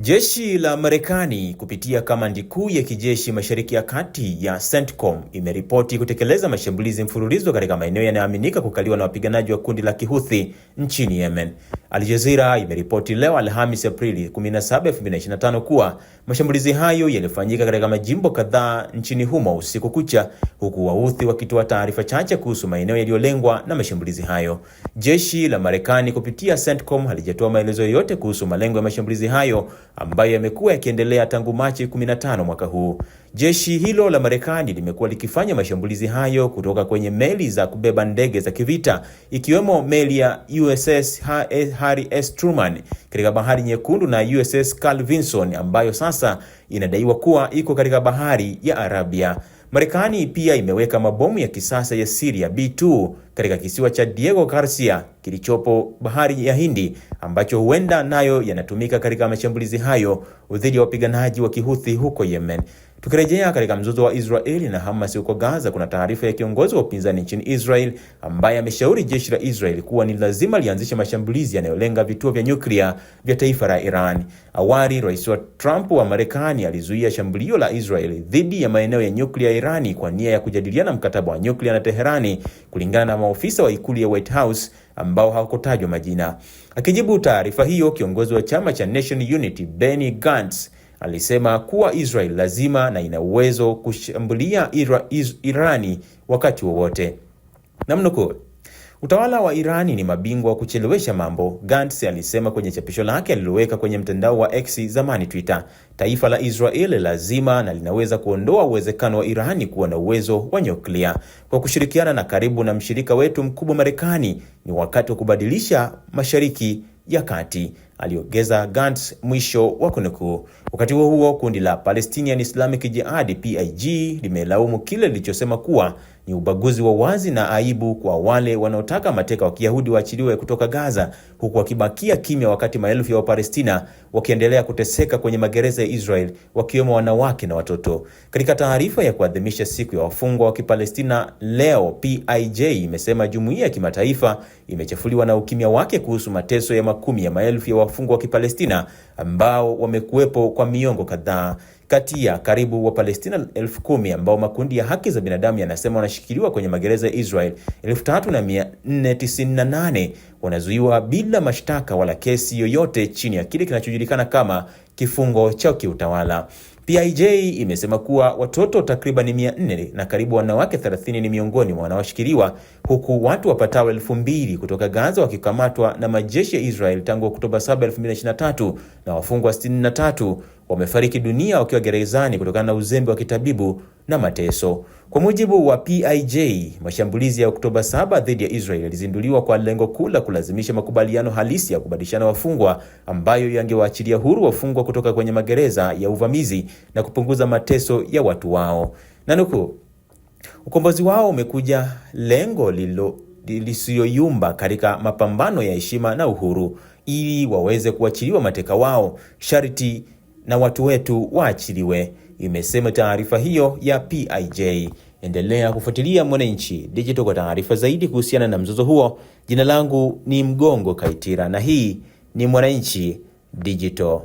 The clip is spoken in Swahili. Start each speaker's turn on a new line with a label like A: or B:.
A: Jeshi la Marekani kupitia kamandi kuu ya kijeshi Mashariki ya Kati ya CENTCOM imeripoti kutekeleza mashambulizi mfululizo katika maeneo yanayoaminika kukaliwa na wapiganaji wa kundi la Kihuthi nchini Yemen. Al Jazeera imeripoti leo Alhamisi, Aprili 17, 2025 kuwa mashambulizi hayo yalifanyika katika majimbo kadhaa nchini humo usiku kucha, huku Wahouthi wakitoa taarifa chache kuhusu maeneo yaliyolengwa na mashambulizi hayo. Jeshi la Marekani kupitia CENTCOM halijatoa maelezo yoyote kuhusu malengo ya mashambulizi hayo ambayo yamekuwa yakiendelea tangu Machi 15 mwaka huu. Jeshi hilo la Marekani limekuwa likifanya mashambulizi hayo kutoka kwenye meli za kubeba ndege za kivita ikiwemo meli ya USS bahari S. Truman katika Bahari Nyekundu na USS Carl Vinson ambayo sasa inadaiwa kuwa iko katika Bahari ya Arabia. Marekani pia imeweka mabomu ya kisasa ya Syria B2 katika kisiwa cha Diego Garcia kilichopo Bahari ya Hindi ambacho huenda nayo yanatumika katika mashambulizi hayo dhidi ya wapiganaji wa Kihuthi huko Yemen. Tukirejea katika mzozo wa Israeli na Hamas huko Gaza, kuna taarifa ya kiongozi wa upinzani nchini Israel ambaye ameshauri jeshi la Israel kuwa ni lazima lianzishe mashambulizi yanayolenga vituo vya nyuklia vya taifa la Iran. Awali, Rais wa Trump wa Marekani alizuia shambulio la Israel dhidi ya maeneo ya nyuklia ya Irani kwa nia ya kujadiliana mkataba wa nyuklia na Teherani, kulingana na maofisa wa ikulu ya White House ambao hawakutajwa majina. Akijibu taarifa hiyo, kiongozi wa chama cha Unity Benny Gantz alisema kuwa Israel lazima na ina uwezo kushambulia Ira, Iz, Irani wakati wowote. Namnukuu, utawala wa Irani ni mabingwa wa kuchelewesha mambo, Gantz alisema kwenye chapisho lake aliloweka kwenye mtandao wa X zamani Twitter. Taifa la Israel lazima na linaweza kuondoa uwezekano wa Irani kuwa na uwezo wa nyuklia. Kwa kushirikiana na karibu na mshirika wetu mkubwa Marekani, ni wakati wa kubadilisha Mashariki ya Kati aliongeza gant mwisho wa kunukuu. Wakati huo huo, kundi la Palestinian Islamic Jihad pig limelaumu kile lilichosema kuwa ni ubaguzi wa wazi na aibu kwa wale wanaotaka mateka wa Kiyahudi waachiliwe kutoka Gaza, huku wakibakia kimya wakati maelfu ya Wapalestina wakiendelea kuteseka kwenye magereza ya Israel, wakiwemo wanawake na watoto. Katika taarifa ya kuadhimisha siku ya wafungwa wa Kipalestina leo, PIJ imesema jumuiya ya kimataifa imechafuliwa na ukimya wake kuhusu mateso ya makumi ya maelfu ya wafungwa wa Kipalestina ambao wamekuwepo kwa miongo kadhaa kati ya karibu Wapalestina elfu kumi ambao makundi ya haki za binadamu yanasema wanashikiliwa kwenye magereza ya Israel, 3498 wanazuiwa bila mashtaka wala kesi yoyote chini ya kile kinachojulikana kama kifungo cha kiutawala. PIJ imesema kuwa watoto takriban 400 na karibu wanawake 30 ni miongoni mwa wanaoshikiliwa, huku watu wapatao 2000 kutoka Gaza wakikamatwa na majeshi ya Israel tangu Oktoba 7, 2023 na wafungwa 63 wamefariki dunia wakiwa gerezani kutokana na uzembe wa kitabibu na mateso. Kwa mujibu wa PIJ, mashambulizi ya Oktoba 7 dhidi ya Israel yalizinduliwa kwa lengo kuu la kulazimisha makubaliano halisi ya kubadilishana wafungwa ambayo yangewaachilia huru wafungwa kutoka kwenye magereza ya uvamizi na kupunguza mateso ya watu wao. Nanukuu, ukombozi wao umekuja lengo lilo lisiyoyumba katika mapambano ya heshima na uhuru, ili waweze kuachiliwa mateka wao, sharti na watu wetu waachiliwe, imesema taarifa hiyo ya PIJ. Endelea kufuatilia Mwananchi Digital kwa taarifa zaidi kuhusiana na mzozo huo. Jina langu ni Mgongo Kaitira na hii ni Mwananchi Digital.